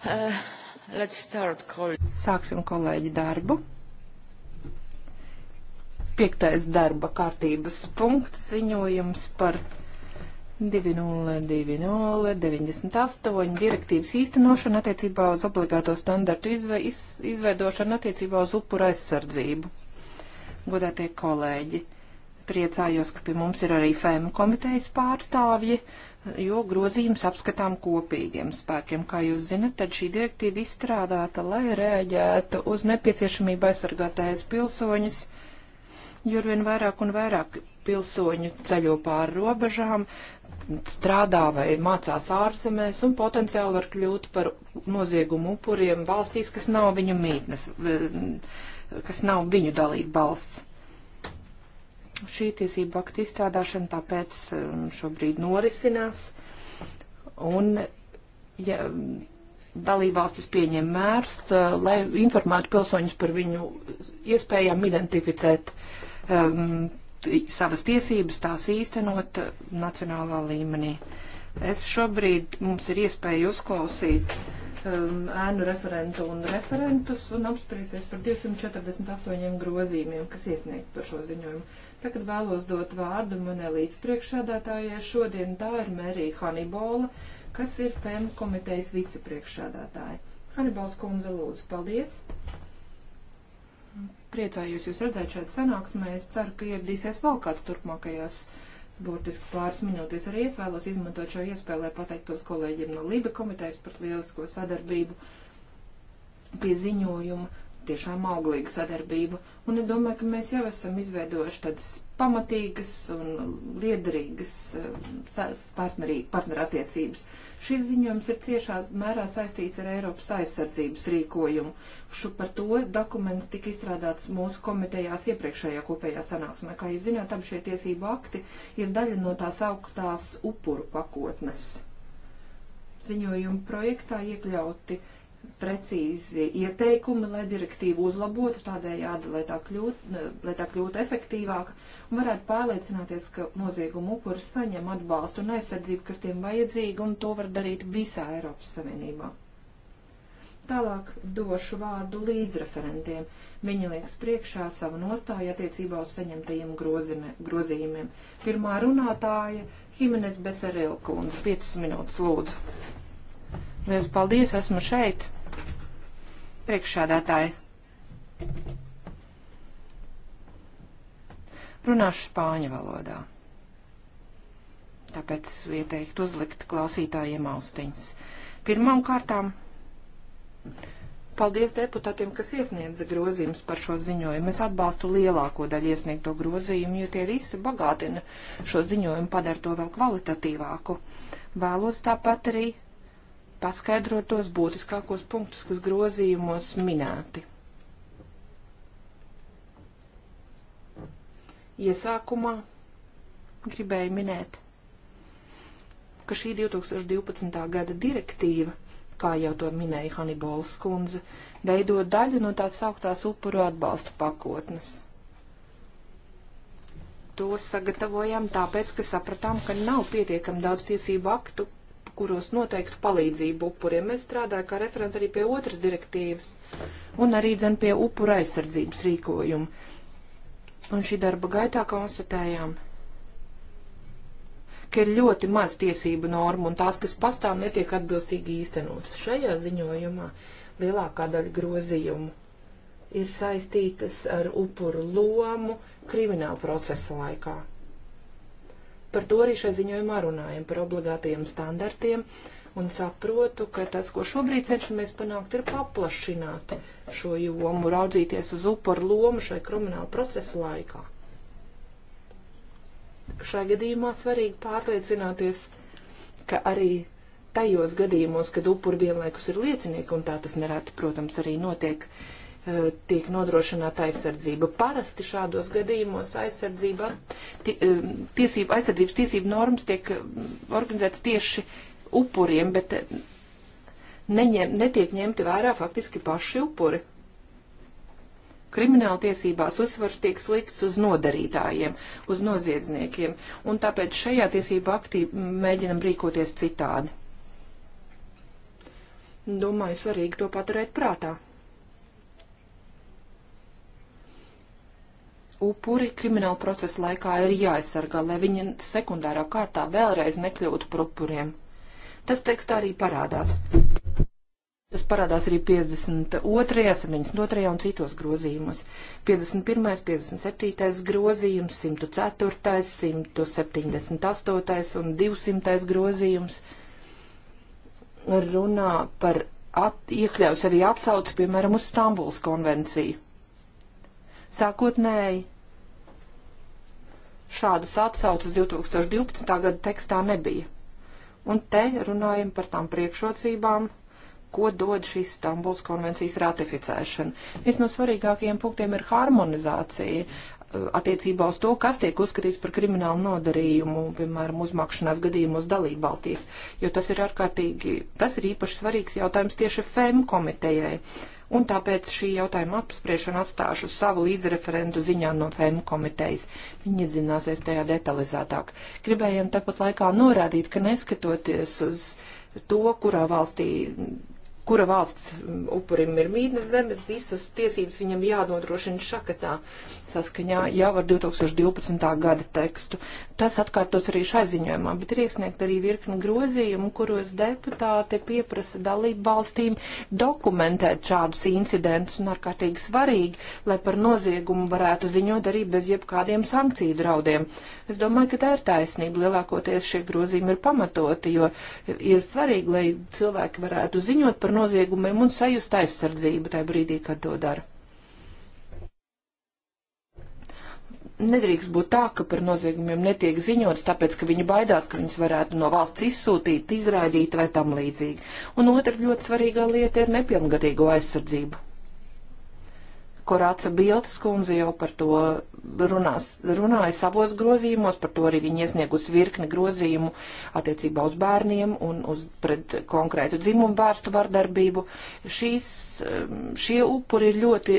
Uh, start, kol Sāksim kolēģi darbu. Piektais darba kārtības punkts ziņojums par 2020-98 direktīvas īstenošanu attiecībā uz obligāto standartu izve, iz, izveidošanu attiecībā uz upura aizsardzību. Godētie kolēģi, priecājos, ka pie mums ir arī FEM komitejas pārstāvji. Uh, jo grozījums apskatām kopīgiem spēkiem. Kā jūs zinat, tad šī direktīva izstrādāta, lai rēģētu uz nepieciešamību aizsargāt ES pilsoņus, jo vien vairāk un vairāk pilsoņu ceļo pāri robežām, strādā vai mācās ārzemēs un potenciāli var kļūt par noziegumu upuriem valstīs, kas nav viņu mītnes, kas nav viņu dalība valsts. Šī tiesība akta izstrādāšana tāpēc um, šobrīd norisinās, un ja, um, dalībvalstis pieņem mērus, uh, lai informētu pilsoņus par viņu iespējām identificēt um, savas tiesības, tās īstenot uh, nacionālā līmenī. Es šobrīd mums ir iespēja uzklausīt um, ēnu referentu un referentus un apspriesties par 248 grozījumiem, kas iesniegt par šo ziņojumu. Tagad vēlos dot vārdu manai līdzpriekšādātājai. Šodien tā ir Mērija Hanibola, kas ir FEM komitejas vicepriekšādātāja. Hanibals kundze, lūdzu, paldies! Priecājos jūs redzēt šādu sanāksmē. Es ceru, ka ieradīsies vēl kāds turpmākajās burtiski pāris minūtes arī es vēlos izmantot šo iespēju, lai pateiktos kolēģiem no Lība komitejas par lielisko sadarbību pie ziņojuma tiešām auglīga sadarbība, un es domāju, ka mēs jau esam izveidojuši tādas pamatīgas un liederīgas eh, partnerattiecības. Šis ziņojums ir ciešā mērā saistīts ar Eiropas aizsardzības rīkojumu. Šo par to dokuments tika izstrādāts mūsu komitejās iepriekšējā kopējā sanāksmē. Kā jūs zināt, abi šie tiesību akti ir daļa no tās augtās upuru pakotnes. Ziņojuma projektā iekļauti uh, precīzi ieteikumi, lai direktīvu uzlabotu tādējādi, lai tā kļūtu, lai tā kļūtu efektīvāka un varētu pārliecināties, ka noziegumu upuri saņem atbalstu un aizsardzību, kas tiem vajadzīga, un to var darīt visā Eiropas Savienībā. Tālāk došu vārdu līdzreferentiem. Viņi liekas priekšā savu nostāju attiecībā uz saņemtajiem grozine, grozījumiem. Pirmā runātāja Himenes Beseril kundze, 5 minūtes lūdzu. Liels paldies, esmu šeit. Priekšsādātāji. Runāšu spāņu valodā. Tāpēc ieteiktu uzlikt klausītājiem austiņas. Pirmām kārtām paldies deputātiem, kas iesniedza grozījumus par šo ziņojumu. Es atbalstu lielāko daļu iesniegto grozījumu, jo tie visi bagātina šo ziņojumu, padara to vēl kvalitatīvāku. Vēlos tāpat arī paskaidrot tos būtiskākos punktus, kas grozījumos minēti. Iesākumā gribēju minēt, ka šī 2012. gada direktīva, kā jau to minēja Hanibols kundze, veido daļu no tās sauktās upuru atbalsta pakotnes. To sagatavojām tāpēc, ka sapratām, ka nav pietiekam daudz tiesību aktu, kuros noteiktu palīdzību upuriem. Es strādāju kā referenta arī pie otras direktīvas un arī dzen pie upura aizsardzības rīkojumu. Un šī darba gaitā konstatējām, ka ir ļoti maz tiesību normu un tās, kas pastāv, netiek atbilstīgi īstenotas. Šajā ziņojumā lielākā daļa grozījumu ir saistītas ar upuru lomu krimināla procesa laikā. Par to arī šai ziņojumā runājam, par obligātajiem standartiem, un saprotu, ka tas, ko šobrīd cenšamies panākt, ir paplašināt šo jomu, raudzīties uz upuru lomu šai krimināla procesa laikā. Šai gadījumā svarīgi pārliecināties, ka arī tajos gadījumos, kad upuri vienlaikus ir liecinieki, un tā tas nereti, protams, arī notiek, uh, E, tiek nodrošināta aizsardzība. Parasti šādos gadījumos aizsardzība, e, tiesība, aizsardzības tiesību normas tiek e, organizētas tieši upuriem, bet neņem, netiek ņemti vērā faktiski paši upuri. Krimināla tiesībās uzsvars tiek slikts uz nodarītājiem, uz noziedzniekiem, un tāpēc šajā tiesību aktī mēģinam rīkoties citādi. Domāju, svarīgi to paturēt prātā. upuri krimināla procesa laikā ir jāaizsargā, lai viņi sekundārā kārtā vēlreiz nekļūtu par upuriem. Tas tekstā arī parādās. Tas parādās arī 52., 72. un citos grozījumos. 51., 57. grozījums, 104., 178. un 200. grozījums runā par at, iekļaus arī atsauci, piemēram, uz Stambuls konvenciju. Sākotnēji šādas atsaucas 2012. gada tekstā nebija. Un te runājam par tām priekšrocībām, ko dod šīs Stambuls konvencijas ratificēšana. Viens no svarīgākajiem punktiem ir harmonizācija attiecībā uz to, kas tiek uzskatīts par kriminālu nodarījumu, piemēram, uzmākšanās gadījumos dalībvalstīs, jo tas ir ārkārtīgi, tas ir īpaši svarīgs jautājums tieši FEM komitejai. Un tāpēc šī jautājuma apspriešana atstāšu savu līdzreferentu ziņā no FEM komitejas. Viņi iedzināsies tajā detalizētāk. Gribējām tāpat laikā norādīt, ka neskatoties uz to, kurā valstī kura valsts mm, upurim ir mītnes zeme, visas tiesības viņam jānodrošina šakatā saskaņā jau ar 2012. gada tekstu. Tas atkārtos arī šai ziņojumā, bet ir iesniegt arī virkni grozījumu, kuros deputāti pieprasa dalību valstīm dokumentēt šādus incidentus un ārkārtīgi svarīgi, lai par noziegumu varētu ziņot arī bez jebkādiem sankciju draudiem. Es domāju, ka tā ir taisnība. Lielākoties šie grozījumi ir pamatoti, jo ir svarīgi, lai cilvēki varētu ziņot par noziegumu noziegumiem un sajust aizsardzību tajā brīdī, kad to dara. Nedrīkst būt tā, ka par noziegumiem netiek ziņots, tāpēc, ka viņi baidās, ka viņus varētu no valsts izsūtīt, izraidīt vai tam līdzīgi. Un otra ļoti svarīgā lieta ir nepilngadīgo aizsardzība. Korāca Biltas kundze jau par to runās, runāja savos grozījumos, par to arī viņa iesniegus virkni grozījumu attiecībā uz bērniem un uz pret konkrētu dzimumu vērstu vardarbību. Šīs, um, šie upuri ir ļoti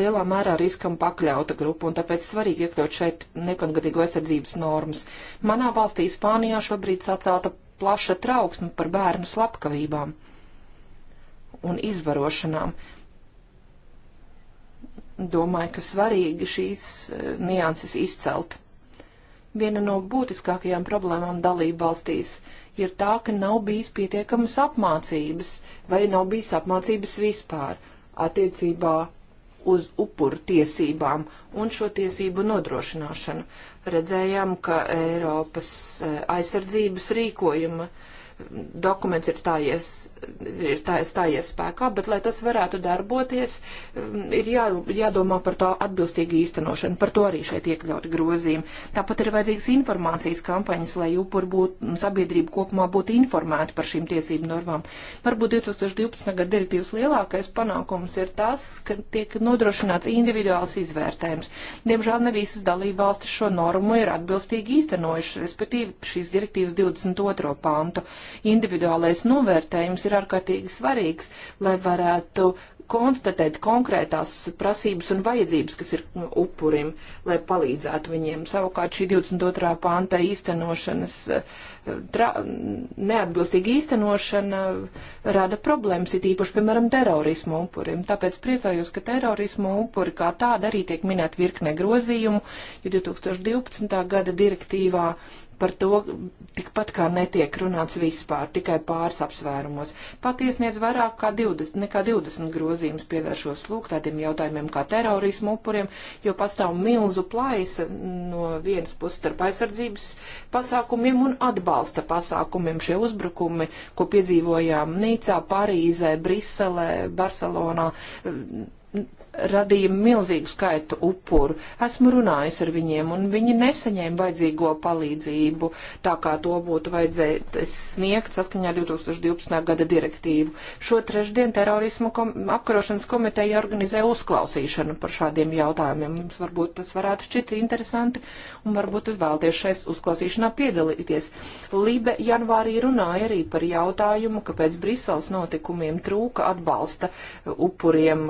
lielā mērā riskam pakļauta grupa, un tāpēc svarīgi iekļaut šeit nepangadīgo aizsardzības normas. Manā valstī Spānijā šobrīd sacelta plaša trauksme par bērnu slepkavībām un izvarošanām domāju, ka svarīgi šīs eh, nianses izcelt. Viena no būtiskākajām problēmām dalību valstīs ir tā, ka nav bijis pietiekamas apmācības vai nav bijis apmācības vispār attiecībā uz upuru tiesībām un šo tiesību nodrošināšanu. Redzējām, ka Eiropas eh, aizsardzības rīkojuma uh, dokuments ir stājies, ir stājies spēkā, bet, lai tas varētu darboties, um, ir jā, jādomā par tā atbilstīgu īstenošanu. Par to arī šeit iekļauti grozījumi. Tāpat ir vajadzīgas informācijas kampaņas, lai upuri būtu un sabiedrība kopumā būtu informēta par šīm tiesību normām. Varbūt 2012. gada direktīvas lielākais panākums ir tas, ka tiek nodrošināts individuāls izvērtējums. Diemžēl ne visas dalība valstis šo normu ir atbilstīgi īstenojušas, respektīvi šīs direktīvas 22. pantu individuālais novērtējums ir ārkārtīgi svarīgs, lai varētu konstatēt konkrētās prasības un vajadzības, kas ir upurim, lai palīdzētu viņiem. Savukārt šī 22. pānta īstenošanas eh, tra, neatbilstīga īstenošana rada problēmas, it īpaši, piemēram, terorismu upurim. Tāpēc priecājos, ka terorismu upuri kā tāda arī tiek minēta virkne grozījumu, jo 2012. gada direktīvā par to tikpat kā netiek runāts vispār, tikai pāris apsvērumos. Pat iesniedz vairāk kā 20, nekā 20 grozījumus pievēršos lūk tādiem jautājumiem kā terorismu upuriem, jo pastāv milzu plaisa no vienas puses starp aizsardzības pasākumiem un atbalsta pasākumiem. Šie uzbrukumi, ko piedzīvojām Nīcā, Parīzē, Briselē, Barcelonā, radīja milzīgu skaitu upuru. Esmu runājis ar viņiem, un viņi nesaņēma vajadzīgo palīdzību, tā kā to būtu vajadzējis sniegt saskaņā 2012. gada direktīvu. Šo trešdien terorismu kom apkarošanas komiteja organizē uzklausīšanu par šādiem jautājumiem. Mums varbūt tas varētu šķiet interesanti, un varbūt jūs vēlties šais uzklausīšanā piedalīties. Libe janvārī runāja arī par jautājumu, ka pēc Briseles notikumiem trūka atbalsta upuriem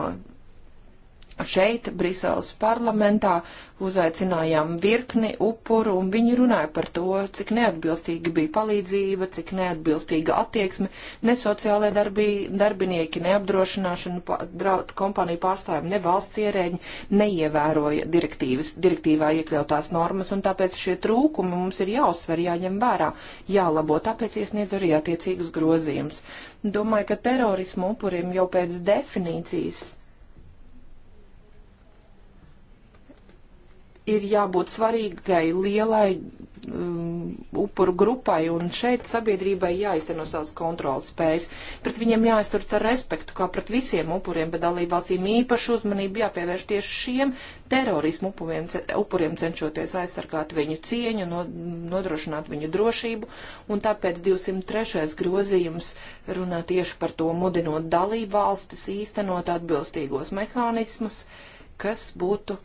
šeit, Briseles parlamentā, uzaicinājām virkni upuru, un viņi runāja par to, cik neatbilstīga bija palīdzība, cik neatbilstīga attieksme, ne sociālai darbī, darbinieki, neapdrošināšana, draud, kompāniju pārstāvjumi, ne valsts ierēģi neievēroja direktīvas, direktīvā iekļautās normas, un tāpēc šie trūkumi mums ir jāuzsver, jāņem vērā, jālabo, tāpēc iesniedz arī attiecīgus grozījumus. Domāju, ka terorismu upuriem jau pēc definīcijas ir jābūt svarīgai lielai um, upuru grupai, un šeit sabiedrībai jāizteno savas kontrolas spējas. Pret viņiem jāizturas ar respektu, kā pret visiem upuriem, bet dalībvalstīm īpašu uzmanību jāpievērš tieši šiem terorismu upuriem, upuriem cenšoties aizsargāt viņu cieņu, no, nodrošināt viņu drošību, un tāpēc 203. grozījums runā tieši par to, mudinot dalībvalstis īstenot atbilstīgos mehānismus, kas būtu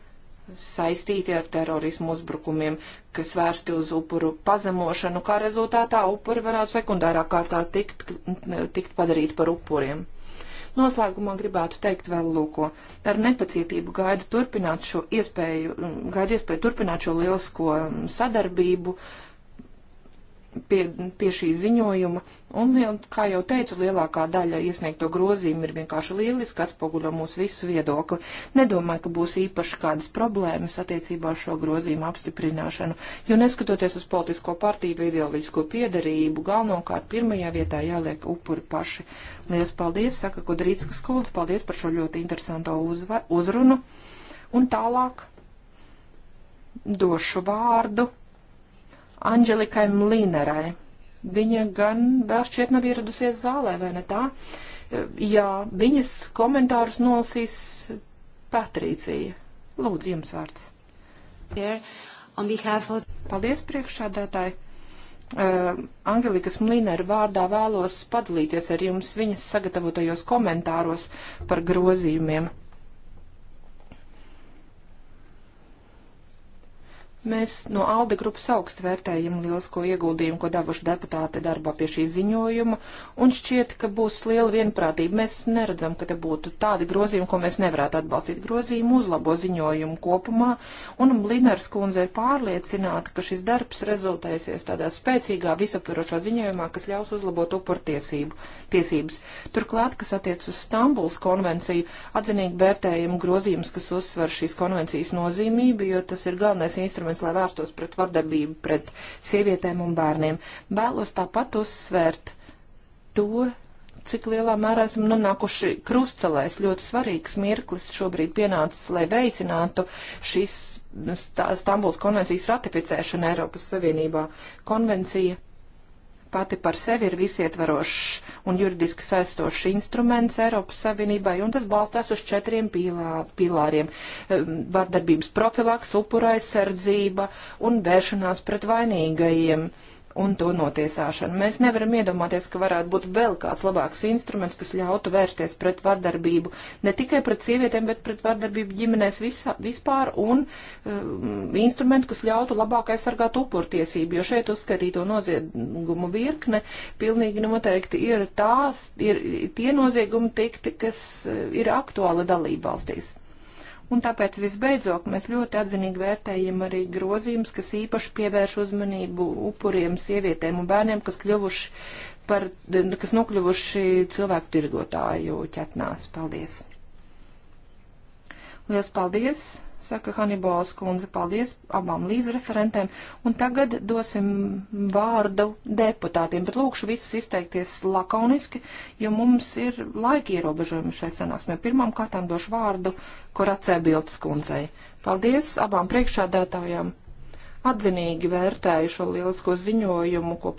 saistīti ar terorismu uzbrukumiem, kas vērsti uz upuru pazemošanu, kā rezultātā upuri varētu sekundārā kārtā tikt, tikt padarīti par upuriem. Noslēgumā gribētu teikt vēl lūko. Ar nepacietību gaidu turpināt šo iespēju, gaidu iespēju turpināt šo lielisko sadarbību uh, pie, pie šī ziņojuma. Un, kā jau teicu, lielākā daļa iesniegto grozījumu ir vienkārši lieliski, atspoguļo mūsu visu viedokli. Nedomāju, ka būs īpaši kādas problēmas attiecībā uz šo grozījumu apstiprināšanu, jo neskatoties uz politisko partiju vai ideoloģisko piedarību, galvenokārt pirmajā vietā jāliek upuri paši. Lielas paldies, saka Kudrītskas kundze, paldies par šo ļoti interesanto uzva, uzrunu. Un tālāk došu vārdu Anģelikai Mlīnerai. Viņa gan vēl šķiet nav ieradusies zālē, vai ne tā? Jā, viņas komentārus nolasīs Patrīcija. Lūdzu, jums vārds. Paldies, priekšsādātāji! Uh, Angelikas Mlīnera vārdā vēlos padalīties ar jums viņas sagatavotajos komentāros par grozījumiem. Mēs no ALDE grupas augstu vērtējam lielisko ieguldījumu, ko devuši deputāti darbā pie šī ziņojuma, un šķiet, ka būs liela vienprātība. Mēs neredzam, ka te būtu tādi grozījumi, ko mēs nevarētu atbalstīt. Grozījumi uzlabo ziņojumu kopumā, un Limers kundze ir pārliecināta, ka šis darbs rezultēsies tādā spēcīgā visaptvarošā ziņojumā, kas ļaus uzlabot upurtiesību tiesības. Turklāt, kas attiec uz Stambuls konvenciju, atzinīgi vērtējam grozījumus, kas uzsver šīs konvencijas nozīmību, jo tas ir galvenais instruments instruments, lai vērstos pret vardarbību, pret sievietēm un bērniem. Vēlos tāpat uzsvērt to, cik lielā mērā esam nonākuši krustcelēs. Ļoti svarīgs mirklis šobrīd pienācis, lai veicinātu šīs Stambuls konvencijas ratificēšanu Eiropas Savienībā. Konvencija pati par sevi ir visietvarošs un juridiski saistošs instruments Eiropas Savienībai, un tas balstās uz četriem pilā, pilāriem ehm, - vārdarbības profilaks, upuraizsardzība un vēršanās pret vainīgajiem. Uh, un to notiesāšanu. Mēs nevaram iedomāties, ka varētu būt vēl kāds labāks instruments, kas ļautu vērsties pret vardarbību ne tikai pret sievietēm, bet pret vardarbību ģimenēs visā, vispār un um, instrumentu, kas ļautu labāk aizsargāt upurtiesību, jo šeit uzskatīto noziegumu virkne pilnīgi noteikti ir tās, ir tie noziegumi tikti, kas uh, ir aktuāli dalībvalstīs un tāpēc visbeidzot mēs ļoti atzinīgi vērtējam arī grozījumus, kas īpaši pievērš uzmanību upuriem, sievietēm un bērniem, kas kļuvuši par, kas nokļuvuši cilvēku tirgotāju ķetnās. Paldies! Lielas paldies! saka Hanibals kundze. Paldies abām līdzreferentēm. Un tagad dosim vārdu deputātiem, bet lūkšu visus izteikties lakoniski, jo mums ir laika ierobežojumi šai sanāksmē. Pirmām kārtām došu vārdu Koracē Bildes kundzei. Paldies abām priekšādātājām. Atzinīgi vērtēju šo lielisko ziņojumu, ko,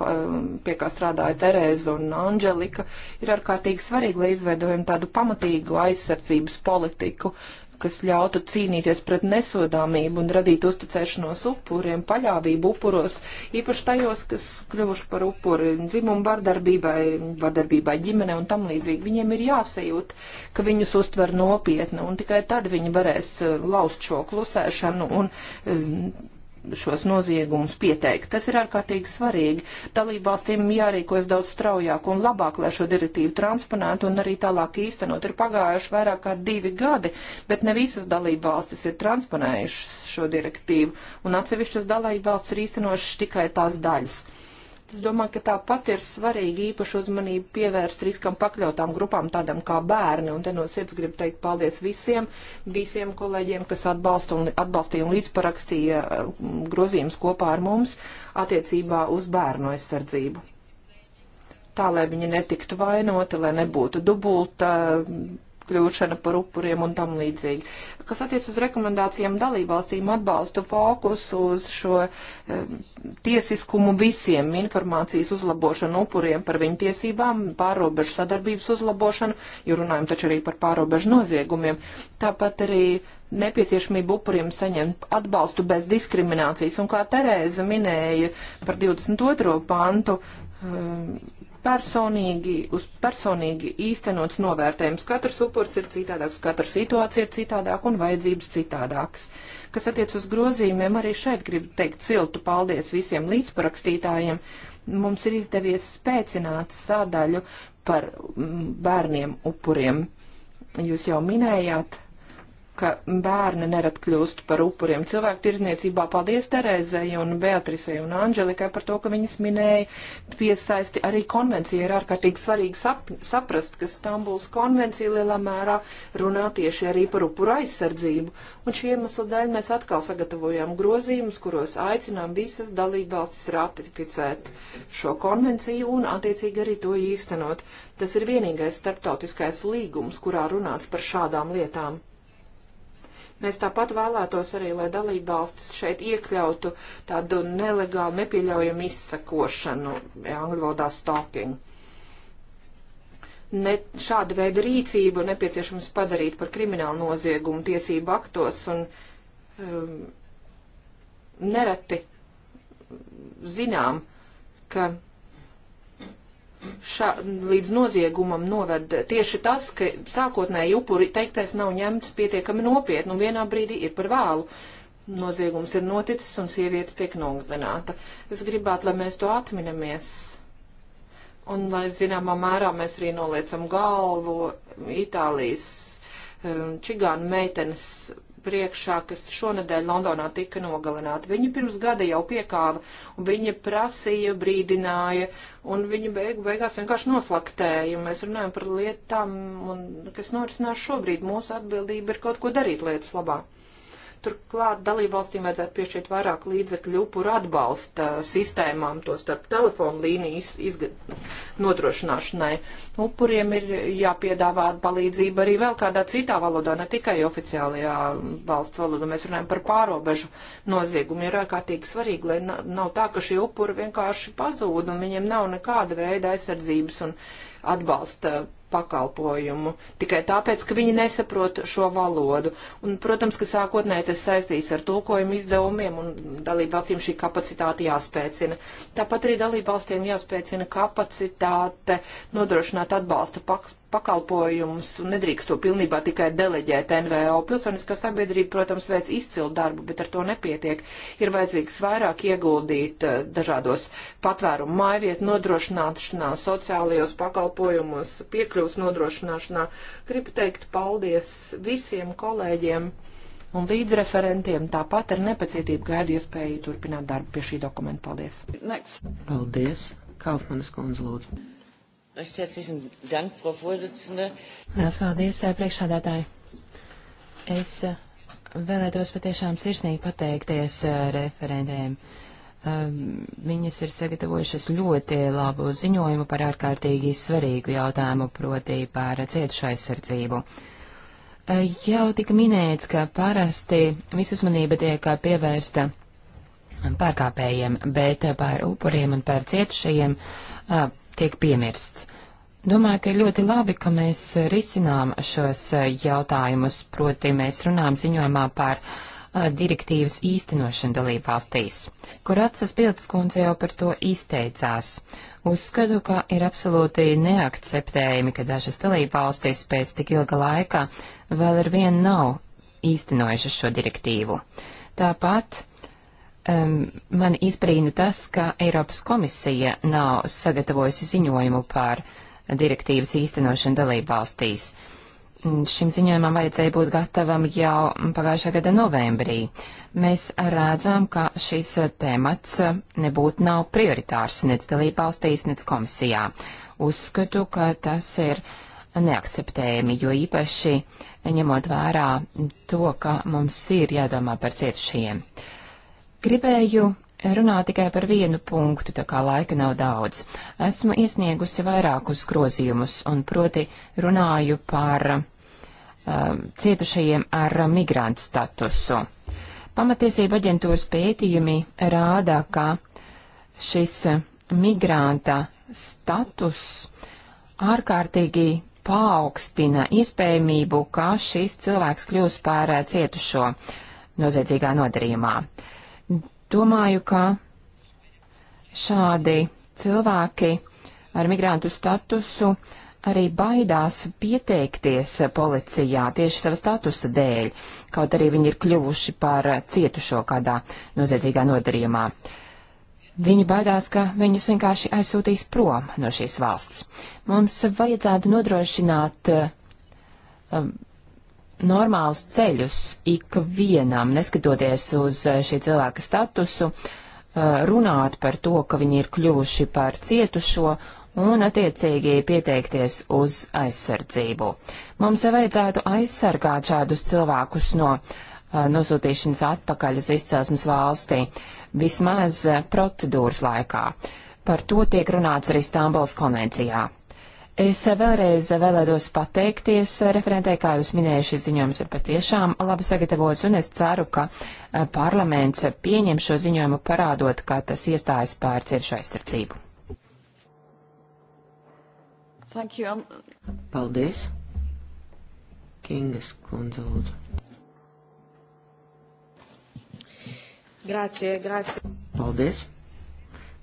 pie kā strādāja Terēza un Anģelika. Ir ārkārtīgi svarīgi, lai izveidojam tādu pamatīgu aizsardzības politiku, uh, kas ļautu cīnīties pret nesodāmību un radīt uzticēšanos upuriem, paļāvību upuros, īpaši tajos, kas kļuvuši par upuri dzimumu vardarbībai, vardarbībai ģimene un tam līdzīgi. Viņiem ir jāsajūt, ka viņus uztver nopietni, un tikai tad viņi varēs eh, laust šo klusēšanu un um, šos noziegumus pieteikt. Tas ir ārkārtīgi svarīgi. Dalībvalstīm jārīkojas daudz straujāk un labāk, lai šo direktīvu transponētu un arī tālāk īstenot. Ir pagājuši vairāk kā divi gadi, bet ne visas dalībvalstis ir transponējušas šo direktīvu, un atsevišķas dalībvalstis ir īstenojušas tikai tās daļas. Es domāju, ka tāpat ir svarīgi īpašu uzmanību pievērst riskam pakļautām grupām, tādam kā bērni. Un te no sirds gribu teikt paldies visiem, visiem kolēģiem, kas atbalsta un, atbalstīja un līdzparakstīja um, grozījumus kopā ar mums attiecībā uz bērnu aizsardzību. Tā, lai viņi netiktu vainoti, lai nebūtu dubulta kļūšana par upuriem un tam līdzīgi. Kas attiec uz rekomendācijām dalībvalstīm atbalstu fokusu uz šo e, tiesiskumu visiem, informācijas uzlabošanu upuriem par viņu tiesībām, pārobežu sadarbības uzlabošanu, jo runājam taču arī par pārobežu noziegumiem. Tāpat arī nepieciešamību upuriem saņemt atbalstu bez diskriminācijas. Un kā Terēza minēja par 22. pantu, e, personīgi, uz personīgi īstenots novērtējums. Katrs upurs ir citādāks, katra situācija ir citādāka un vajadzības citādākas. Kas attiec uz grozījumiem, arī šeit gribu teikt ciltu paldies visiem līdzparakstītājiem. Mums ir izdevies spēcināt sādaļu par mm, bērniem upuriem. Jūs jau minējāt ka bērni nerad kļūst par upuriem cilvēku tirzniecībā. Paldies Terezei un Beatrisei un Anželikai par to, ka viņas minēja piesaisti. Arī konvencija ir ārkārtīgi svarīgi sap saprast, ka Stambuls konvencija lielā mērā runā tieši arī par upuru aizsardzību. Un šī iemesla dēļ mēs atkal sagatavojām grozījumus, kuros aicinām visas dalībvalstis ratificēt šo konvenciju un attiecīgi arī to īstenot. Tas ir vienīgais starptautiskais līgums, kurā runāts par šādām lietām. Mēs tāpat vēlētos arī, lai dalībvalstis šeit iekļautu tādu nelegālu, nepieļaujamu izsakošanu, angļu valodā stalking. Ne, šāda veida rīcību nepieciešams padarīt par kriminālu noziegumu tiesību aktos un um, nereti zinām, ka šā, līdz noziegumam noved tieši tas, ka sākotnēji upuri teiktais nav ņemts pietiekami nopietni un vienā brīdī ir par vēlu. Noziegums ir noticis un sieviete tiek nogalināta. Es gribētu, lai mēs to atminamies. Un, lai zināmā mērā mēs arī noliecam galvu Itālijas um, čigānu meitenes priekšā, kas šonadēļ Londonā tika nogalināta. Viņa pirms gada jau piekāva, un viņa prasīja, brīdināja, un viņi beig, beigās vienkārši noslaktēja. Mēs runājam par lietām, un, kas norisinās šobrīd. Mūsu atbildība ir kaut ko darīt lietas labā. Turklāt dalībvalstīm vajadzētu piešķirt vairāk līdzekļu upuru atbalsta sistēmām, to starp telefonu līniju iz, nu, nodrošināšanai. Upuriem ir jāpiedāvā palīdzība arī vēl kādā citā valodā, ne tikai oficiālajā valsts valodā. Mēs runājam par pārobežu noziegumu. Ir ārkārtīgi svarīgi, lai nav tā, ka šie upuri vienkārši pazūd un viņiem nav nekāda veida aizsardzības un atbalsta pakalpojumu, tikai tāpēc, ka viņi nesaprot šo valodu. Un, protams, ka sākotnēji tas saistīs ar tulkojumu izdevumiem un dalībvalstīm šī kapacitāte jāspēcina. Tāpat arī dalībvalstīm jāspēcina kapacitāte nodrošināt atbalsta pak pakalpojumus un nedrīkst to pilnībā tikai deleģēt NVO. Pilsoniskā sabiedrība, protams, veic izcilu darbu, bet ar to nepietiek. Ir vajadzīgs vairāk ieguldīt eh, dažādos patvērumu mājvietu nodrošināšanā, sociālajos pakalpojumos, piekļuvas nodrošināšanā. Gribu teikt paldies visiem kolēģiem un līdzreferentiem. Tāpat ar nepacietību gaidu iespēju turpināt darbu pie šī dokumenta. Paldies! Next. Paldies! Kaufmanas kundze lūdzu. Recht herzlichen Dank, Frau Vorsitzende. Lielas paldies, eh, priekšsādātāji. Es eh, vēlētos patiešām sirsnīgi pateikties eh, referentēm. Ehm, viņas ir sagatavojušas ļoti labu ziņojumu par ārkārtīgi svarīgu jautājumu, proti par cietušu aizsardzību. Jau tika minēts, ka parasti visu uzmanība tiek pievērsta pārkāpējiem, bet par upuriem un par cietušajiem tiek piemirsts. Domāju, ka ir ļoti labi, ka mēs eh, risinām šos eh, jautājumus, proti mēs runājam ziņojumā par eh, direktīvas īstenošanu dalībvalstīs, kur atsas Bildes kundze jau par to izteicās. Uzskatu, ka ir absolūti neakceptējami, ka dažas dalībvalstīs pēc tik ilga laika vēl ar vienu nav īstenojušas šo direktīvu. Tāpat um, man izbrīna tas, ka Eiropas komisija nav sagatavojusi ziņojumu par direktīvas īstenošanu dalību valstīs. Mm, šim ziņojumam vajadzēja būt gatavam jau pagājušā gada novembrī. Mēs redzam, ka šis temats nebūtu nav prioritārs nec dalību valstīs, nec komisijā. Uzskatu, ka tas ir neakceptējami, jo īpaši ņemot vērā to, ka mums ir jādomā par cietušajiem. Uh, Gribēju runāt tikai par vienu punktu, tā kā laika nav daudz. Esmu iesniegusi vairākus grozījumus, un proti runāju par um, cietušajiem ar migrantu statusu. Pamatiesība aģentūras pētījumi rāda, ka šis migranta status ārkārtīgi paaugstina iespējamību, ka šis cilvēks kļūs par cietušo noziedzīgā nodarījumā. Uh, Domāju, ka šādi cilvēki ar migrantu statusu arī baidās pieteikties policijā tieši sava statusa dēļ, kaut arī viņi ir kļuvuši par cietušo kādā noziedzīgā nodarījumā. Viņi baidās, ka viņus vienkārši aizsūtīs prom no šīs valsts. Mums vajadzētu nodrošināt um, normālus ceļus ikvienam, neskatoties uz eh, šī cilvēka statusu, eh, runāt par to, ka viņi ir kļuvuši par cietušo un attiecīgi pieteikties uz aizsardzību. Mums vajadzētu aizsargāt šādus cilvēkus no eh, nosūtīšanas atpakaļ uz izcelsmes valstī vismaz procedūras laikā. Par to tiek runāts arī Stambuls konvencijā. Es vēlreiz vēlētos pateikties referentē, kā jūs minēju, šis ziņojums ir patiešām labi sagatavots, un es ceru, ka eh, parlaments pieņem šo ziņojumu parādot, ka tas iestājas pār ciešu aizsardzību. Um, Paldies. Kingas kundze, lūdzu. Grācie, grācie. Paldies.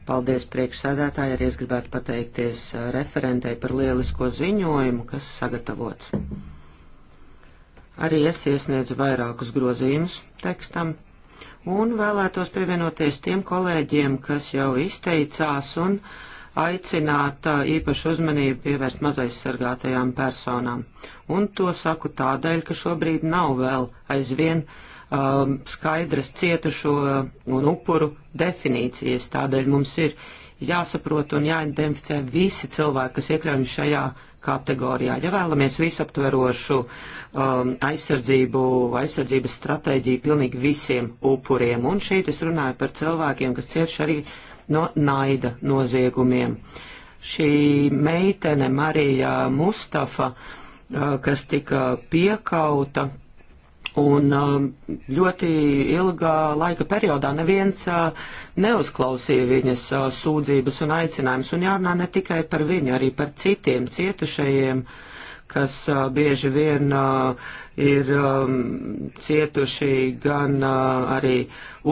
Paldies priekšsēdētāji, arī es gribētu pateikties uh, referentei par lielisko ziņojumu, kas sagatavots. Arī es iesniedzu vairākus grozījumus tekstam un vēlētos pievienoties tiem kolēģiem, kas jau izteicās un aicināt uh, īpašu uzmanību pievērst mazaizsargātajām personām. Un to saku tādēļ, ka šobrīd nav vēl aizvien uh, um, skaidras cietušo un upuru definīcijas. Tādēļ mums ir jāsaprot un jāidentificē visi cilvēki, kas iekļauj šajā kategorijā. Ja vēlamies visaptverošu um, aizsardzību, aizsardzības stratēģiju pilnīgi visiem upuriem, un šeit es runāju par cilvēkiem, kas cieši arī no naida noziegumiem. Šī meitene Marija Mustafa, uh, kas tika piekauta, Un um, ļoti ilgā laika periodā neviens uh, neuzklausīja viņas uh, sūdzības un aicinājumus, un jārunā ne tikai par viņu, arī par citiem cietušajiem, kas uh, bieži vien ir um, cietuši gan arī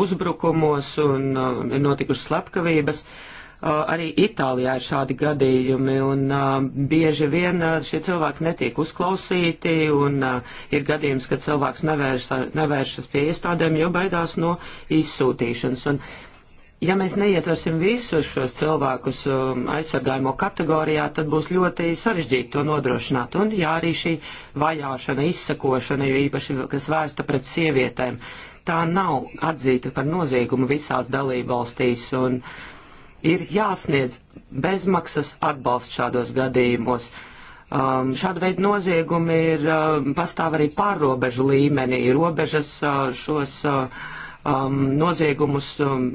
uzbrukumos un ir notikušas slepkavības. Uh, arī Itālijā ir šādi gadījumi, un uh, bieži vien uh, šie cilvēki netiek uzklausīti, un uh, ir gadījums, kad cilvēks nevērsa, nevēršas pie iestādēm, jo baidās no izsūtīšanas. Un, Ja mēs neietversim visus šos cilvēkus um, aizsargājumu kategorijā, tad būs ļoti sarežģīti to nodrošināt. Un jā, arī šī vajāšana, izsakošana, jo īpaši, kas vērsta pret sievietēm, tā nav atzīta par noziegumu visās dalībvalstīs. Un, uh, ir jāsniedz bezmaksas atbalsts šādos gadījumos. Um, šāda veida noziegumi ir, um, pastāv arī pārrobežu līmenī. Robežas uh, šos uh, um, noziegumus um,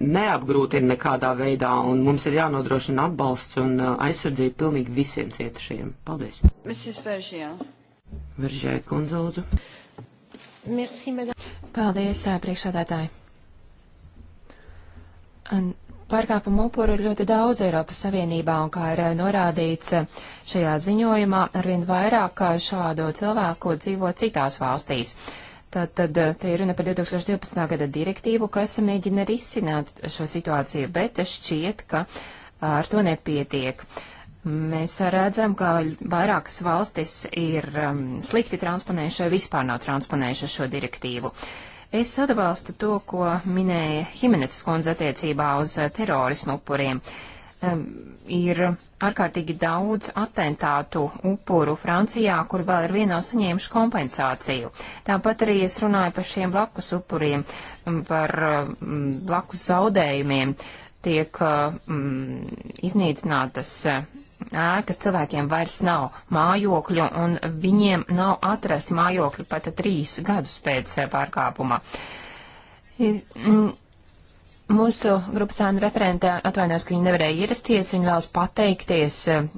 neapgrūtina nekādā veidā, un mums ir jānodrošina atbalsts un uh, aizsardzība pilnīgi visiem cietušajiem. Paldies. Veržē kundze, lūdzu. Merci, madame. Paldies, priekšādātāji. Un Pārkāpumu upuru ir ļoti daudz Eiropas Savienībā, un kā ir eh, norādīts eh, šajā ziņojumā, arvien vairāk eh, šādu cilvēku dzīvo citās valstīs. Tātad te ir runa par 2012. gada direktīvu, kas mēģina risināt šo situāciju, bet šķiet, ka ar to nepietiek. Mēs redzam, ka vairākas valstis ir um, slikti transponējuši vai vispār nav transponējuši šo direktīvu. Es atbalstu to, ko minēja Himenes skundze attiecībā uz eh, terorismu upuriem. Um, ir ārkārtīgi daudz atentātu upuru Francijā, kur vēl ir vienā saņēmuši kompensāciju. Tāpat arī es runāju par šiem blakus upuriem, par um, blakus zaudējumiem. Tiek um, iznīcinātas ēkas cilvēkiem vairs nav mājokļu, un viņiem nav atrasti mājokļi pat trīs gadus pēc pārkāpuma. Mūsu grupas ēnu referente atvainojas, ka viņi nevarēja ierasties, viņi vēlas pateikties uh,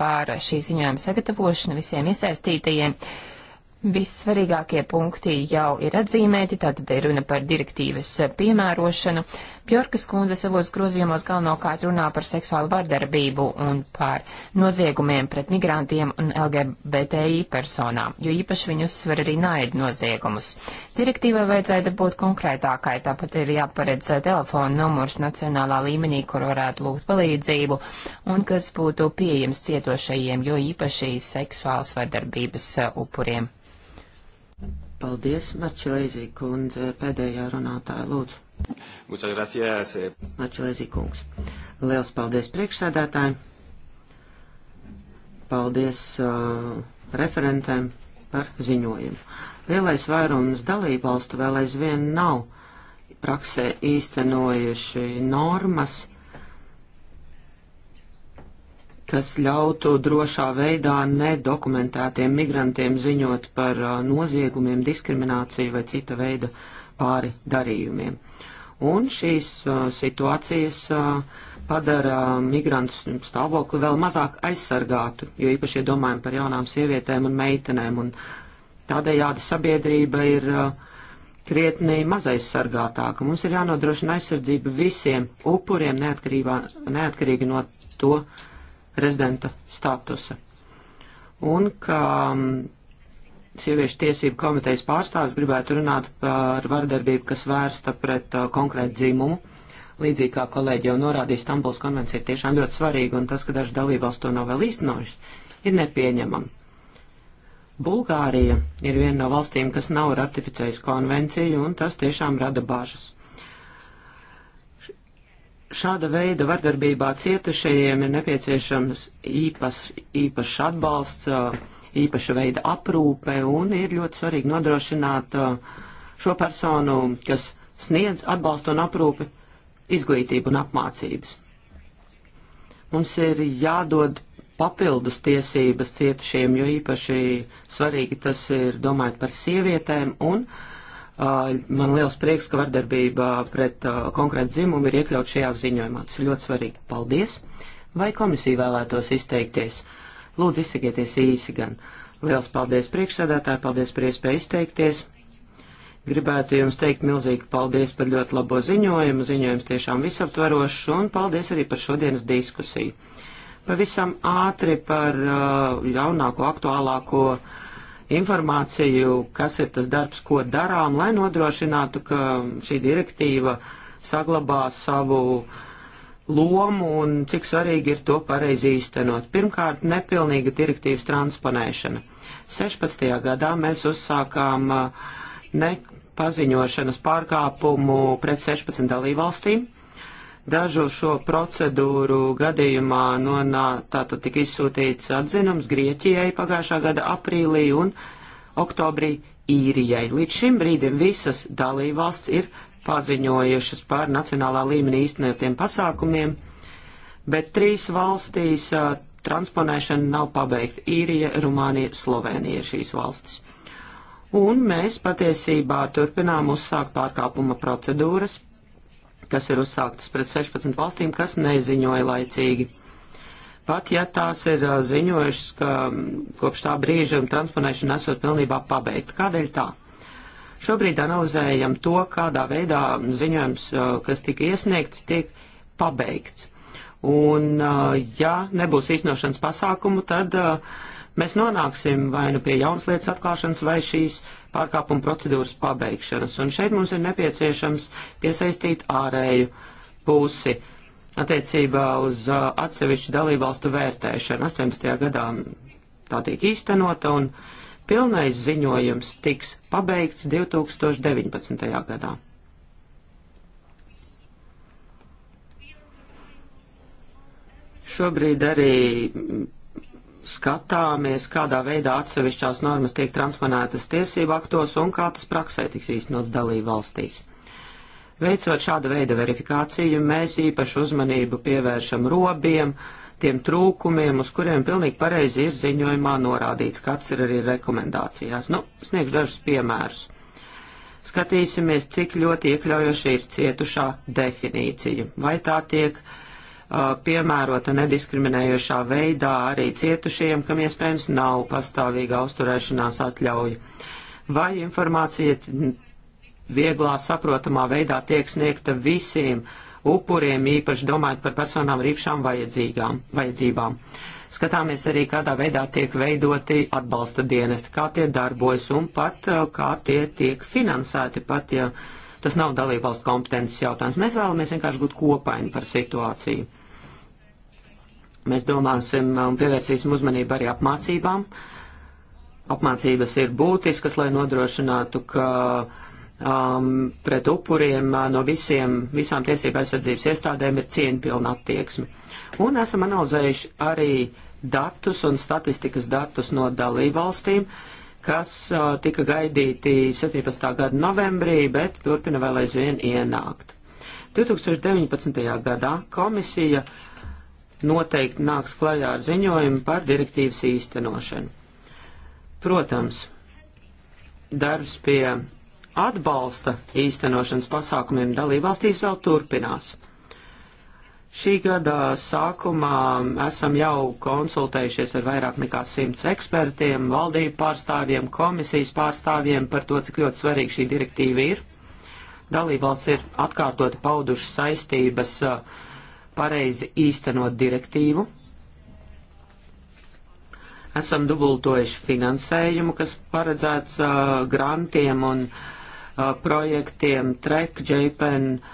par šī ziņojuma sagatavošanu visiem iesaistītajiem. Uh, Vissvarīgākie punkti jau ir atzīmēti, tātad ir runa par direktīvas piemērošanu. Bjorkas kundze savos grozījumos galvenokārt runā par seksuālu vardarbību un par noziegumiem pret migrantiem un LGBTI personām, jo īpaši viņu uzsver arī naidu noziegumus. Direktīvai vajadzētu būt konkrētākai, tāpat ir jāparedz telefona numurs nacionālā līmenī, kur varētu lūgt palīdzību un kas būtu pieejams cietošajiem, jo īpaši seksuāls vardarbības upuriem. Paldies, Marčelēzī kundze, pēdējā runātāja lūdzu. Muchas gracias. Eh. Marčelēzī kungs. Liels paldies priekšsēdētājiem. Paldies uh, referentēm par ziņojumu. Lielais vairums dalībvalstu vēl aizvien nav praksē īstenojuši normas kas ļautu drošā veidā nedokumentētiem migrantiem ziņot par uh, noziegumiem, diskrimināciju vai cita veida pāri darījumiem. Un šīs uh, situācijas uh, padara migrantu stāvokli vēl mazāk aizsargātu, jo īpaši domājam par jaunām sievietēm un meitenēm, un tādējādi sabiedrība ir krietni mazaizsargātāka. Mums ir jānodrošina aizsardzība visiem upuriem, neatkarīgi no to, rezidenta statusa. Un ka mm, sieviešu tiesību komitejas pārstāvis gribētu runāt par vardarbību, kas vērsta pret uh, konkrētu dzīmumu. Līdzīgi kā kolēģi jau norādīja, Stambuls konvencija ir tiešām ļoti svarīga, un tas, ka daži dalībvalsts to nav vēl īstenojušas, ir nepieņemami. Bulgārija ir viena no valstīm, kas nav ratificējusi konvenciju, un tas tiešām rada bažas. Šāda veida vardarbībā cietušajiem ir nepieciešams īpas, īpašs atbalsts, īpaša veida aprūpe un ir ļoti svarīgi nodrošināt šo personu, kas sniedz atbalstu un aprūpi, izglītību un apmācības. Mums ir jādod papildus tiesības cietušiem, jo īpaši svarīgi tas ir domājot par sievietēm un uh, Man liels prieks, ka vardarbība pret konkrētu dzimumu ir iekļaut šajā ziņojumā. Tas ir ļoti svarīgi. Paldies! Vai komisija vēlētos izteikties? Lūdzu, izsakieties īsi gan. Liels paldies priekšsēdētāji, paldies par iespēju izteikties. Gribētu jums teikt milzīgi paldies par ļoti labo ziņojumu. Ziņojums tiešām visaptverošs un paldies arī par šodienas diskusiju. Pavisam ātri par uh, ļaunāko, aktuālāko uh, informāciju, kas ir tas darbs, ko darām, lai nodrošinātu, ka šī direktīva saglabā savu lomu un cik svarīgi ir to pareizi īstenot. Pirmkārt, nepilnīga direktīvas transponēšana. 16. gadā mēs uzsākām uh, ne paziņošanas pārkāpumu pret 16 dalībvalstīm. valstīm Dažu šo procedūru gadījumā nonā, tātad tika izsūtīts atzinums Grieķijai pagājušā gada aprīlī un oktobrī īrijai. Līdz šim brīdim visas dalībvalsts ir paziņojušas par nacionālā līmenī īstenotiem pasākumiem, bet trīs valstīs uh, transponēšana nav pabeigta - Īrija, Rumānija, Slovenija ir šīs valstis. Un mēs patiesībā turpinām uzsākt pārkāpuma procedūras kas ir uzsāktas pret 16 valstīm, kas neziņoja laicīgi. Pat ja tās ir ziņojušas, ka kopš tā brīža transponēšana esot pilnībā pabeigta. Kādēļ tā? Šobrīd analizējam to, kādā veidā ziņojums, kas tika iesniegts, tiek pabeigts. Un, ja nebūs īstenošanas pasākumu, tad mēs nonāksim vai nu pie jaunas lietas atklāšanas, vai šīs pārkāpuma procedūras pabeigšanas. Un šeit mums ir nepieciešams piesaistīt ārēju pusi attiecībā uz uh, atsevišķu dalībvalstu vērtēšanu. 18. gadā tā tiek īstenota un pilnais ziņojums tiks pabeigts 2019. gadā. Šobrīd arī skatāmies, kādā veidā atsevišķās normas tiek transponētas tiesību aktos un kā tas praksē tiks īstenots dalību valstīs. Veicot šāda veida verifikāciju, mēs īpašu uzmanību pievēršam robiem, tiem trūkumiem, uz kuriem pilnīgi pareizi ir ziņojumā norādīts, kāds ir arī rekomendācijās. Nu, sniegšu dažus piemērus. Skatīsimies, cik ļoti iekļaujoši ir cietušā definīcija. Vai tā tiek uh, piemērota nediskriminējošā veidā arī cietušajiem, kam iespējams nav pastāvīga austurēšanās atļauja. Vai informācija vieglā saprotamā veidā tiek sniegta visiem upuriem, īpaši domājot par personām ar īpašām vajadzībām. Skatāmies arī, kādā veidā tiek veidoti atbalsta dienesti, kā tie darbojas un pat kā tie tiek finansēti, pat ja tas nav dalībvalsts kompetences jautājums. Mēs vēlamies vienkārši būt kopaini par situāciju. Mēs domāsim un pievērsīsim uzmanību arī apmācībām. Apmācības ir būtiskas, lai nodrošinātu, ka um, pret upuriem uh, no visiem, visām tiesība aizsardzības iestādēm ir cieņpilna attieksme. Un esam analizējuši arī datus un statistikas datus no dalībvalstīm, kas uh, tika gaidīti 17. gada novembrī, bet turpina vēl aizvien ienākt. 2019. gadā komisija uh, noteikti nāks klajā ar ziņojumu par direktīvas īstenošanu. Protams, darbs pie atbalsta īstenošanas pasākumiem dalībvalstīs vēl turpinās. Šī gada sākumā esam jau konsultējušies ar vairāk nekā simts ekspertiem, valdību pārstāvjiem, komisijas pārstāvjiem par to, cik ļoti svarīga šī direktīva ir. Dalībvalsts ir atkārtoti pauduši saistības uh, pareizi īstenot direktīvu. Esam dubultojuši finansējumu, kas paredzēts uh, grantiem un uh, projektiem TREK, JPEN uh,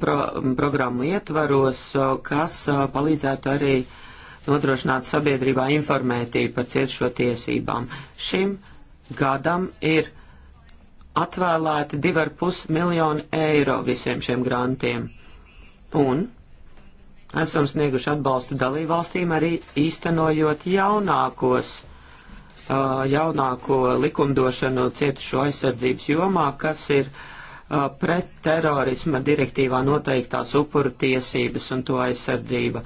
pro, programmu ietvaros, uh, kas uh, palīdzētu arī nodrošināt sabiedrībā informētību par cietušo tiesībām. Šim gadam ir atvēlēti 2,5 miljoni eiro visiem šiem grantiem. Un esam snieguši atbalstu dalībvalstīm arī īstenojot jaunākos, uh, jaunāko likumdošanu cietušo aizsardzības jomā, kas ir uh, pret terorisma direktīvā noteiktās upuru tiesības un to aizsardzība.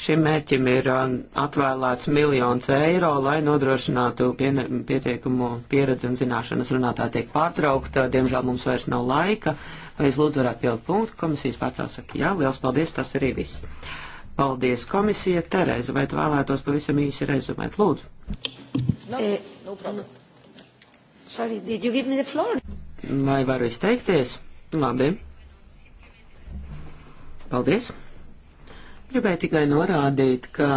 Šim mērķim ir uh, atvēlēts miljons eiro, lai nodrošinātu pietiekumu pieredzi un zināšanas runātā tiek pārtraukta. Diemžēl mums vairs nav laika. Vai jūs lūdzu varētu pielikt punktu? Komisijas pārstāvs saka, jā, liels paldies, tas arī viss. Paldies, komisija. Tereza, vai tu vēlētos pavisam īsi rezumēt? Lūdzu. No, no problem. Sorry, did you give me the floor? Vai varu izteikties? Labi. Paldies. Gribēju tikai norādīt, ka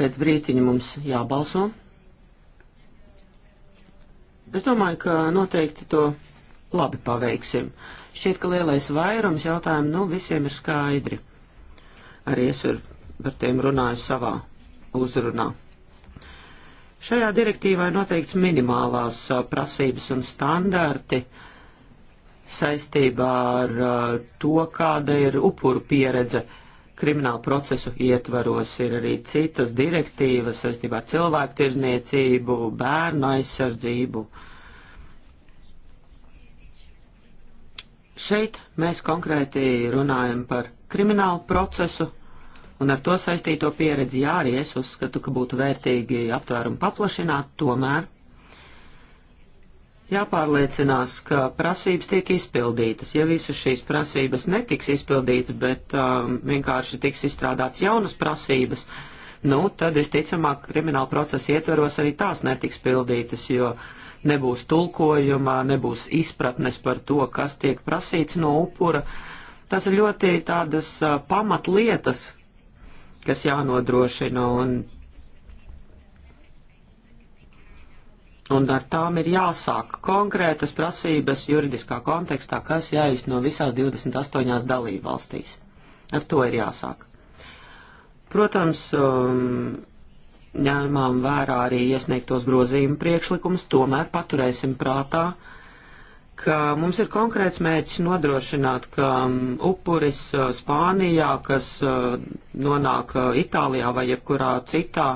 pēc brītiņa mums jābalso. Es domāju, ka noteikti to labi paveiksim. Šķiet, ka lielais vairums jautājumu nu visiem ir skaidri. Arī es ar, ar tiem runāju savā uzrunā. Šajā direktīvā ir noteikts minimālās a, uh, prasības un standarti saistībā ar a, uh, to, kāda ir upuru pieredze kriminālu procesu ietvaros. Ir arī citas direktīvas saistībā ar cilvēktirzniecību, bērnu aizsardzību. Uh, Šeit mēs konkrēti runājam par kriminālu procesu un ar to saistīto pieredzi. Jā, arī es uzskatu, ka būtu vērtīgi aptvērumu paplašināt, tomēr jāpārliecinās, ka prasības tiek izpildītas. Ja visas šīs prasības netiks izpildītas, bet um, vienkārši tiks izstrādāts jaunas prasības, nu, tad visticamāk krimināla procesa ietveros arī tās netiks pildītas, jo uh, nebūs tulkojumā, nebūs izpratnes par to, kas tiek prasīts no upura. Tas ir ļoti tādas pamatlietas, kas jānodrošina, un, un ar tām ir jāsāk konkrētas prasības juridiskā kontekstā, kas jāizno visās 28 dalībvalstīs. Ar to ir jāsāk. Protams, um, ņēmām vērā arī iesniegtos grozījumu priekšlikumus, tomēr paturēsim prātā, ka mums ir konkrēts mērķis nodrošināt, ka mm, upuris Spānijā, kas nonāk Itālijā vai jebkurā citā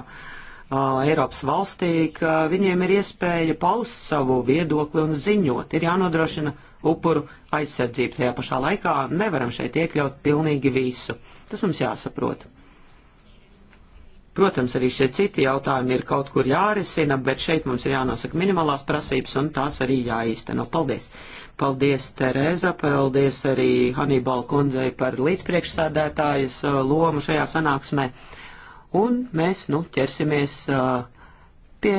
Eiropas valstī, ka viņiem ir iespēja paust savu viedokli un ziņot. Ir jānodrošina upuru aizsardzību. Tajā pašā laikā nevaram šeit iekļaut pilnīgi visu. Tas mums jāsaprot. Protams, arī šie citi jautājumi ir kaut kur jārisina, bet šeit mums ir jānosaka minimālās prasības un tās arī jāīsteno. Paldies! Paldies, Tereza, paldies arī Hannibal kundzei par līdzpriekšsēdētājas uh, lomu šajā sanāksmē. Un mēs, nu, ķersimies uh, pie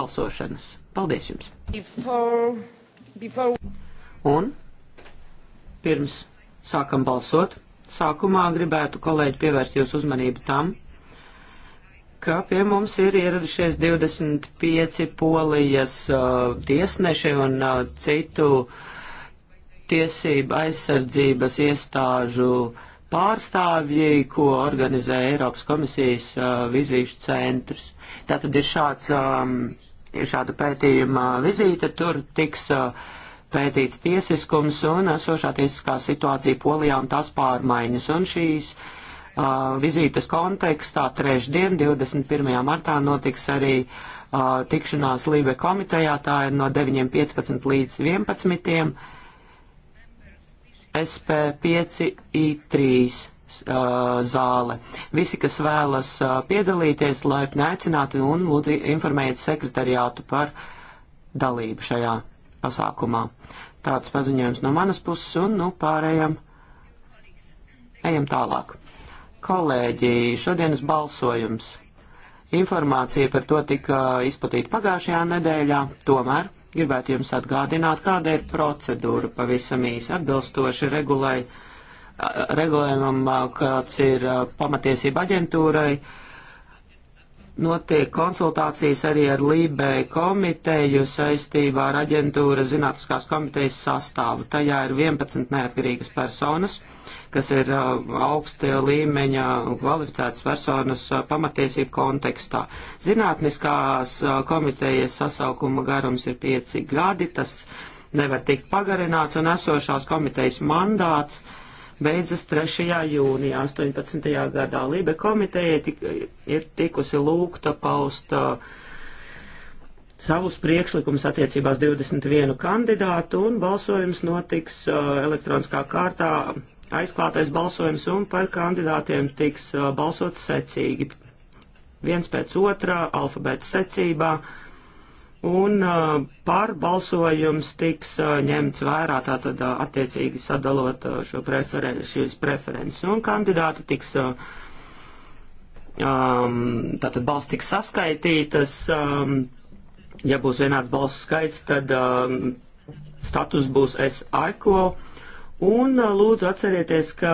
balsošanas. Paldies jums! Before, before... Un pirms sākam balsot, sākumā gribētu kolēģi pievērst jūsu uzmanību tam, ka pie mums ir ieradušies 25 polijas uh, tiesneši un uh, citu tiesību aizsardzības iestāžu pārstāvji, ko organizē Eiropas komisijas uh, vizīšu centrs. Tātad ir, šāds, um, ir šāda pētījuma vizīte, tur tiks uh, pētīts tiesiskums un esošā tiesiskā situācija Polijā un tās pārmaiņas. Un šīs uh, Uh, vizītes kontekstā trešdien, 21. martā, notiks arī uh, tikšanās Lībe komitejā, tā ir no 9.15 līdz 11. SP5I3 zāle. Visi, kas vēlas piedalīties, laipni aicināti un lūdzu informējiet sekretariātu par dalību šajā pasākumā. Tāds paziņojums no manas puses un, nu, pārējām. Ejam tālāk. Kolēģi, šodienas balsojums. Informācija par to tika izplatīta pagājušajā nedēļā, tomēr gribētu jums atgādināt, kāda ir procedūra pavisam īsi atbilstoši regulai, regulējumam, kāds ir pamatiesība aģentūrai. Notiek konsultācijas arī ar Lībē komiteju saistībā ar aģentūra zinātniskās komitejas sastāvu. Tajā ir 11 neatkarīgas personas kas ir augsta līmeņa kvalificētas personas pamatiesību kontekstā. Zinātniskās komitejas sasaukuma garums ir pieci gadi, tas nevar tikt pagarināts, un esošās komitejas mandāts beidzas 3. jūnijā 18. gadā. Lībe komiteja tik, ir tikusi lūgta paust uh, savus priekšlikumus attiecībās 21 kandidātu, un balsojums notiks uh, elektroniskā kārtā aizklātais balsojums un par kandidātiem tiks uh, balsot secīgi. Viens pēc otrā, alfabēta secībā. Un uh, par balsojums tiks uh, ņemts vērā tātad attiecīgi sadalot šo preferen šīs preferences. Un kandidāti tiks, um, tātad balsts tiks saskaitītas. Um, ja būs vienāds balsu skaits, tad um, status būs S equal Un lūdzu atcerieties, ka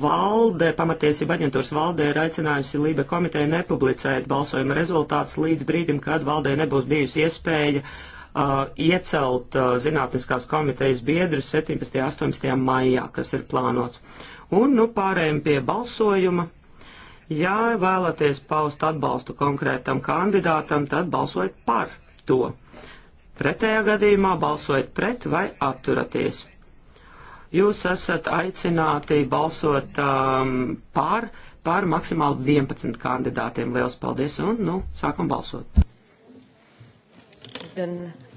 valde, pamatiesība aģentūras valdē ir aicinājusi Lībe komiteju nepublicēt balsojuma rezultātus līdz brīdim, kad valdē nebūs bijusi iespēja uh, iecelt uh, zinātniskās komitejas biedrus 17. un 18. maijā, kas ir plānots. Un nu pārējiem pie balsojuma. Ja vēlaties paust atbalstu konkrētam kandidātam, tad balsojiet par to. Pretējā gadījumā balsojiet pret vai atturaties. Jūs esat aicināti balsot um, par, par maksimāli 11 kandidātiem. Liels paldies un, nu, sākam balsot. Then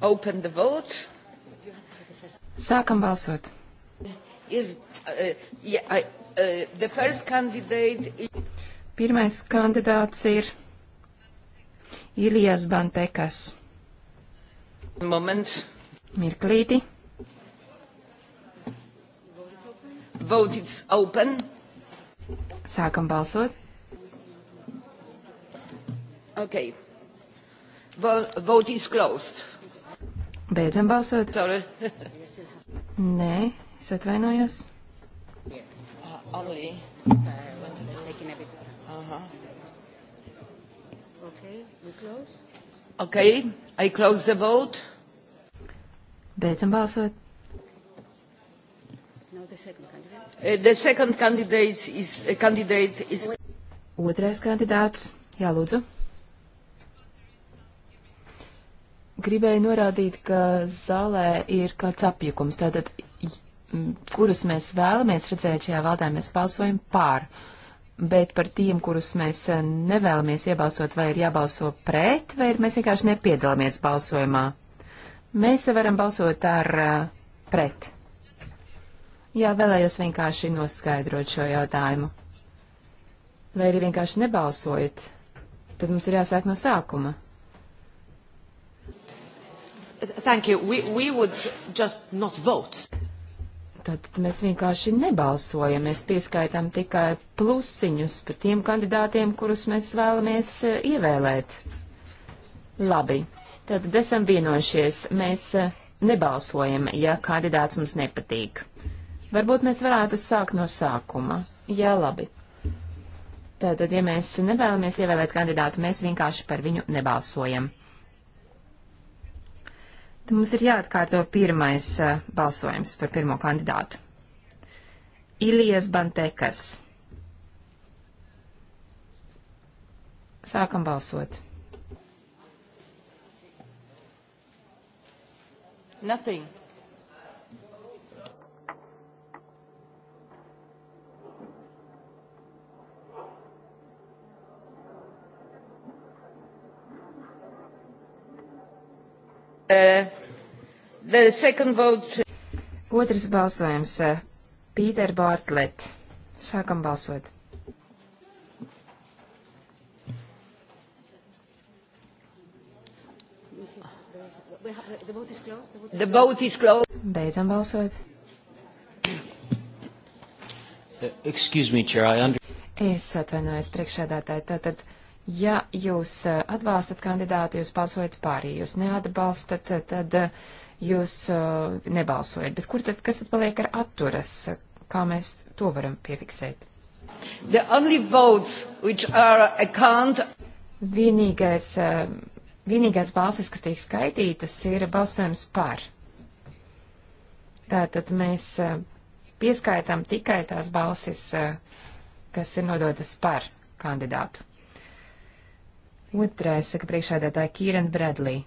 open the vote. Sākam balsot. Is, uh, yeah, I, uh, the first candidate is... Pirmais kandidāts ir Ilijas Bantekas. Moments. Mirklīti. Vote is open. Sākam balsot. Okay. Vote is closed. Beidzam balsot. Sorry. Nē, es atvainojos. Uh, only. Uh, uh-huh. Okay, we close. Okay, I close the vote. Beidzam balsot the second candidate? Uh, the second candidate is, uh, candidate is... Otrais kandidāts. Jā, lūdzu. Gribēju norādīt, ka zālē ir kāds apjukums. Tātad, kurus mēs vēlamies redzēt šajā valdē, mēs balsojam pār. Bet par tiem, kurus mēs uh, nevēlamies iebalsot, vai ir jābalso pret, vai ir mēs vienkārši nepiedalāmies balsojumā. Mēs varam balsot ar pret. Jā, vēlējos vienkārši noskaidrot šo jautājumu. Vai arī vienkārši nebalsojat, tad mums ir jāsāk no sākuma. Thank you. We, we would just not vote. Tad mēs vienkārši nebalsojam, mēs pieskaitām tikai plusiņus par tiem kandidātiem, kurus mēs vēlamies eh, ievēlēt. Labi, tad esam vienojušies, mēs eh, nebalsojam, ja kandidāts mums nepatīk. Varbūt mēs varētu sākt no sākuma. Jā, labi. Tātad, ja mēs nevēlamies ievēlēt kandidātu, mēs vienkārši par viņu nebalsojam. Tad mums ir jāatkārto pirmais uh, balsojums par pirmo kandidātu. Ilijas Bantekas. Sākam balsot. Nothing. Uh, Otrs balsojums. Uh, Pīter Bārtlet. Sākam balsot. The vote is closed. Beidzam balsot. Uh, excuse me, Chair, I under... Es atvainojos priekšādātāji. Tātad. Tā, Ja jūs eh, atbalstat kandidātu, jūs balsojat pārī, jūs neatbalstat, eh, tad eh, jūs nebalsojat. Bet kur tad, kas tad paliek ar atturas? Kā mēs to varam piefiksēt? Account... Vienīgais, vienīgais balsis, kas tiek skaitītas, ir balsojums par. Tātad mēs pieskaitām tikai tās balsis, kas ir nodotas par kandidātu. Otrais, saka priekšādātāja Kīren Bradlī.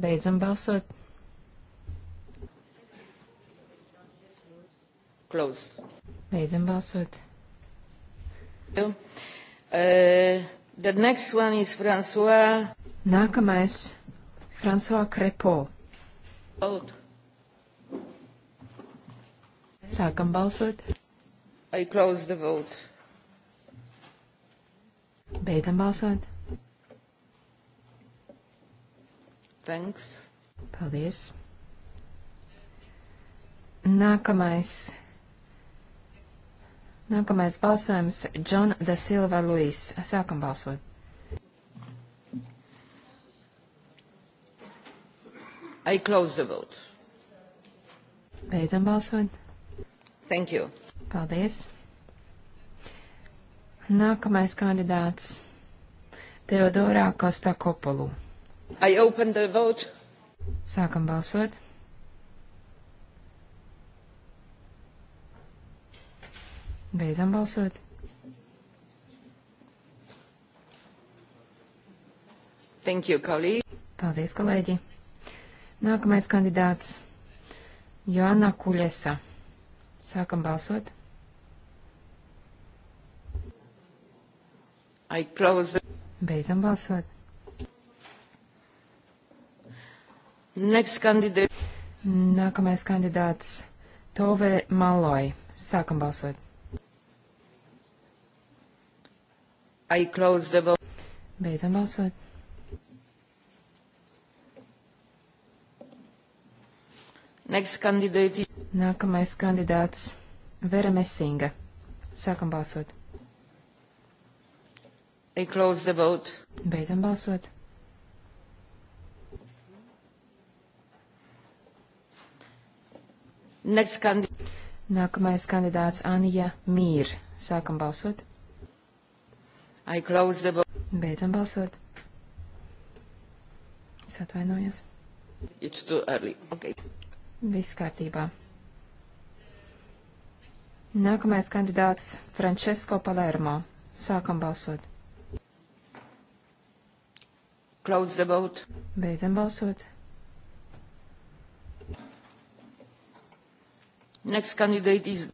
Beidzam balsot. Close. Beidzam balsot. Uh, the next one is François. Nākamais François Crepo. Vote. Sākam balsot. I close the vote. Beidzam balsot. Thanks. Paldies. Nākamais. Nākamais balsojums - Džona Da Silva Luis. Sākam balsot. I close the vote. Beidzam balsot. Thank you. Paldies. Nākamais kandidāts Teodorā Kostakopolu. I open the vote. Sākam balsot. Beidzam balsot. Thank you, kolēģi. Paldies, kolēģi. Nākamais kandidāts Joanna Kuļesa. Sākam balsot. Beidzam balsot. Nākamais kandidāts Tove Maloj. Sākam balsot. Beidzam balsot. Nākamais kandidāts Vera Mesinga. Sākam balsot. We close the vote. Beidzam balsot. Next candidate. Nākamais kandidāts Anija Mīr. Sākam balsot. I close the vote. Beidzam balsot. Es atvainojos. It's too early. Okay. Viss kārtībā. Nākamais kandidāts Francesco Palermo. Sākam balsot. Close the vote. Beidzam balsot. Next candidate is.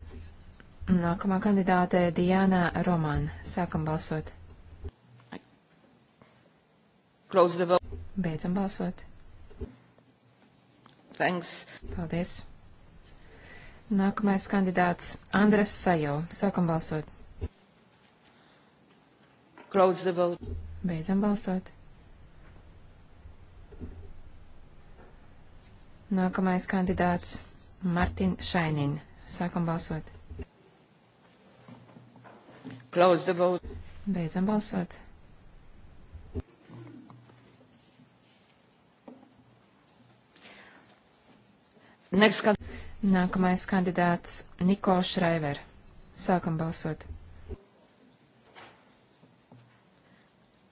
Nākamā kandidāte Diana Roman. Sākam balsot. Close the vote. Beidzam balsot. Thanks. Paldies. Nākamais kandidāts Andres Sajo. Sākam balsot. Close the vote. Beidzam balsot. Nākamais kandidāts Martin Šainin. Sākam balsot. Close the vote. Beidzam balsot. Next kan Nākamais kandidāts Niko Šraiver. Sākam balsot.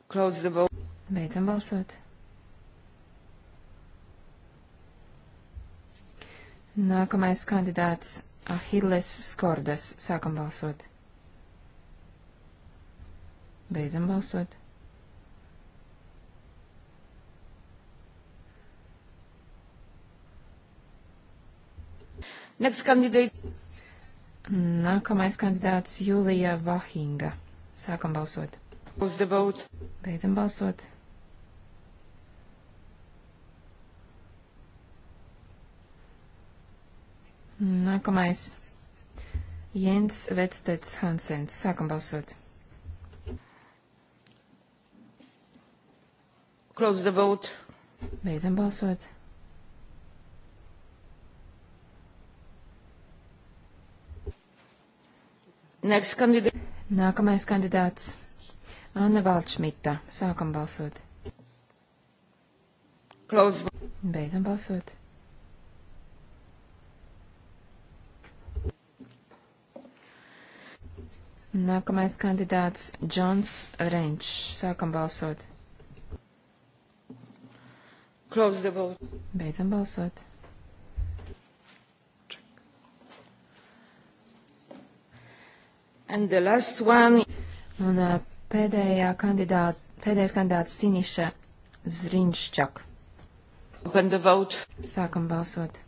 Close the vote. Beidzam balsot. Nākamais kandidāts Ahilles Skordas. Sākam balsot. Beidzam balsot. Next candidate. Nākamais kandidāts Julija Vahinga. Sākam balsot. Close the vote. Beidzam balsot. Nākamais. Jens Vedsteds Hansens. Sākam balsot. Close the vote. Beidzam balsot. Next candidate. Nākamais kandidāts. Anna Valdšmita. Sākam balsot. Close. Beidzam balsot. Nākamais kandidāts Džons Renčs. Sākam balsot. Close the vote. Beidzam balsot. Check. And the last one. Un pēdējā kandidāta, pēdējais kandidāts Siniša Zrinščak. Open the vote. Sākam balsot.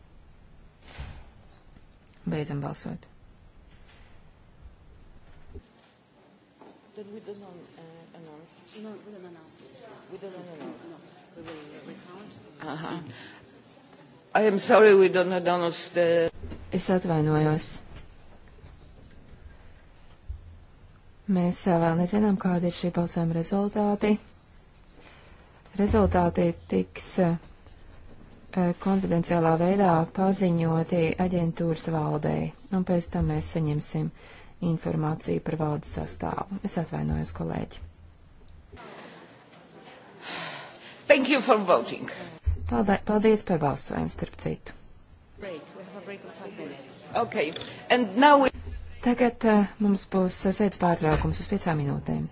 Beidzam balsot. Then we don't uh, announce. No, we don't announce it. We don't announce. No, we will recount. Uh-huh. I am sorry we don't announce the... Es atvainojos. Mēs uh, vēl nezinām, kādi ir šī balsojuma rezultāti. Rezultāti tiks uh, uh, konfidenciālā veidā paziņoti aģentūras valdei, un pēc tam mēs saņemsim uh, informāciju par valdes sastāvu. Es atvainojos, kolēģi. Thank you for voting. Paldies, paldies par balsojumu, starp citu. Okay. We... Tagad uh, mums būs eh, sēdes pārtraukums uz piecām minūtēm.